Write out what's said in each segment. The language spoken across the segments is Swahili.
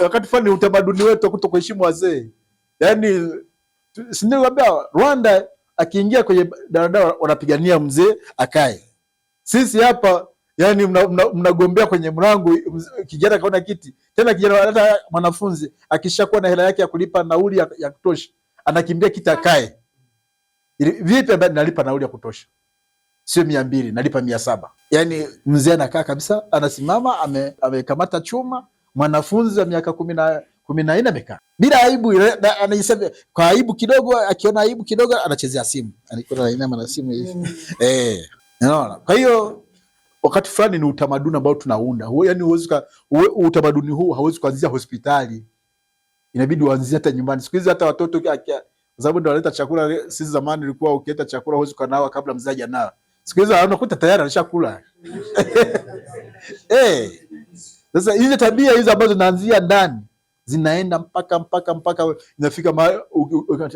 wakati fulani utamaduni wetu kuto kuheshimu wazee. Yani siniambia Rwanda akiingia kwenye daladala wanapigania mzee akae, sisi hapa yani mnagombea mna, mna kwenye mlango, kijana kaona kiti tena, kijana hata mwanafunzi akishakuwa na hela yake ya kulipa nauli ya, ya kutosha anakimbia kiti akae. Vipi ambaye nalipa nauli ya kutosha sio mia mbili nalipa mia saba yani mzee anakaa kabisa, anasimama amekamata ame chuma mwanafunzi wa miaka kumi na kumi na nne amekaa bila aibu, anaisema kwa aibu kidogo, akiona aibu kidogo anachezea simu, anaikuta inama na simu hivi mm. eh, unaona. Kwa hiyo wakati fulani ni utamaduni ambao tunaunda huo, yani huwezi utamaduni huu hauwezi kuanzia hospitali, inabidi uanzie hata nyumbani. Siku hizi hata watoto, kia, sababu ndio wanaleta chakula. Sisi zamani ilikuwa ukileta chakula huwezi kanawa kabla mzazi anawa. Siku hizi anakuta tayari anashakula eh sasa hizi tabia hizi ambazo zinaanzia ndani zinaenda mpaka mpaka mpaka inafika mahali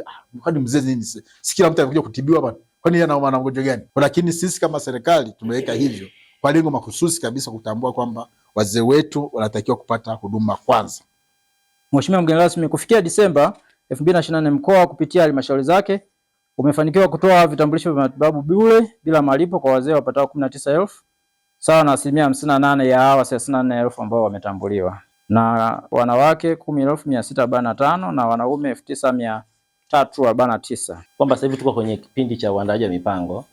ah, kwani mzee nini? Si kila mtu anakuja kutibiwa hapa, kwani yeye ana mgonjwa gani? Lakini sisi kama serikali tumeweka hivyo kwa lengo mahususi kabisa kutambua kwamba wazee wetu wanatakiwa kupata huduma kwanza. Mheshimiwa mgeni rasmi, kufikia Disemba 2024 mkoa kupitia halmashauri zake umefanikiwa kutoa vitambulisho vya matibabu bure bila malipo kwa wazee wapatao 19,000 sawa na asilimia hamsini na nane ya hawa thelathini na nne elfu ambao wametambuliwa, na wanawake kumi elfu mia sita arobaini na tano na wanaume elfu tisa mia tatu arobaini na tisa kwamba sasa hivi tuko kwenye kipindi cha uandaaji wa mipango.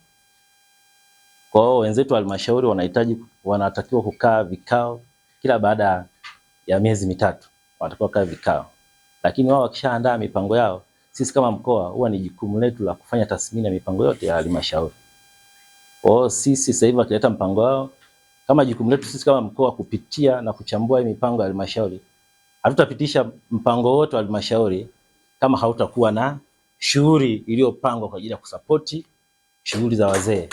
Kwa wenzetu halmashauri wanahitaji wanatakiwa kukaa vikao kila baada ya miezi mitatu, wanatakiwa kukaa vikao, lakini wao wakishaandaa mipango yao, sisi kama mkoa huwa ni jukumu letu la kufanya tathmini ya mipango yote ya halmashauri. Kwa hiyo sisi sasa hivi wakileta mpango wao kama jukumu letu sisi kama mkoa kupitia na kuchambua mipango ya halmashauri, hatutapitisha mpango wote wa halmashauri kama hautakuwa na shughuli iliyopangwa kwa ajili ya kusapoti shughuli za wazee.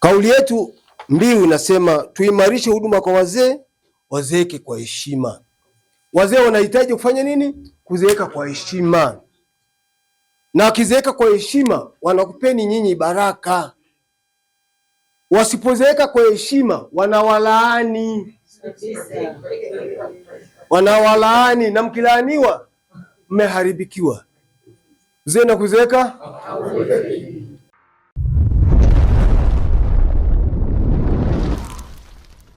Kauli yetu mbiu inasema tuimarishe huduma kwa wazee, wazeeke kwa heshima. Wazee wanahitaji kufanya nini? Kuzeeka kwa heshima, na wakizeeka kwa heshima wanakupeni nyinyi baraka wasipozeeka kwa heshima wanawalaani, wanawalaani na mkilaaniwa mmeharibikiwa. zee na kuzeeka